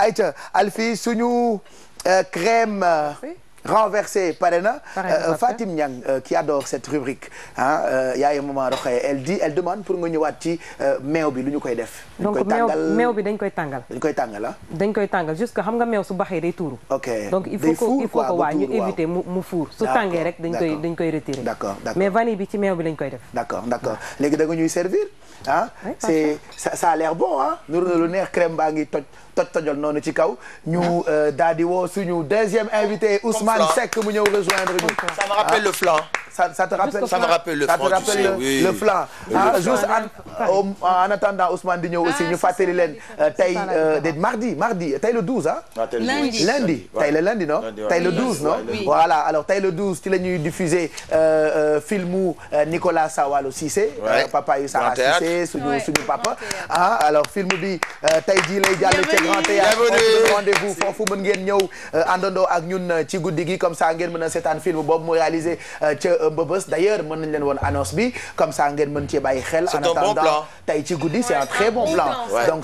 ayca Alphie suñu euh, crème. renversé pare na euh, Fatim Niang euh, qui adore cette rubrique ah yaay maman Rokhaya elle dit elle demande pour nga ñëwaat ci euh, meew bi lu ñu koy def. donc meew bi dañ koy tàngal. dañ koy tàngal ah. dañ koy tàngal jusque xam nga meew su baxee day tuuru. ok donc il faut que il faut que waa ñu éviter mu mu fuur. su tàngee rek dañ koy dañ d'accord d'accord bi ci meew bi lañ koy def. d'accord d'accord léegi da nga ñuy servir ah. c'est ça a l'air bon ah. nuru lu neex crème baa ngi toj tojol noonu ci kaw ñu daal di woo suñu deuxième Ousmane Seck mu ñëw rejoindre ñu. ça me rappelle le flan. ça ça te rappelle ça me rappelle le flan ça te di ñëw si ñu ah, fàttali leen euh, tey de euh, mardi mardi tey le 12 ah. lundi lundi tey le lundi non. tey le 12 non. voilà alors tey le 12 ci la ñuy diffuser euh, filmu Nicolas Sawalo Cissé. papa yu Sara Cissé suñu suñu papa. ah alors film bi tey jii lay jàll ci grand théâtre rendez-vous foofu mën ngeen ñëw àndandoo ak ñun ci guddi gi comme ça ngeen mën a seetaan film boobu mu réalisé Mbëbës d'ailleurs mën nañ leen woon annonce bi comme ça ngeen mën cee bàyyi xel en attendant tey ci guddi c'est un très bon plan donc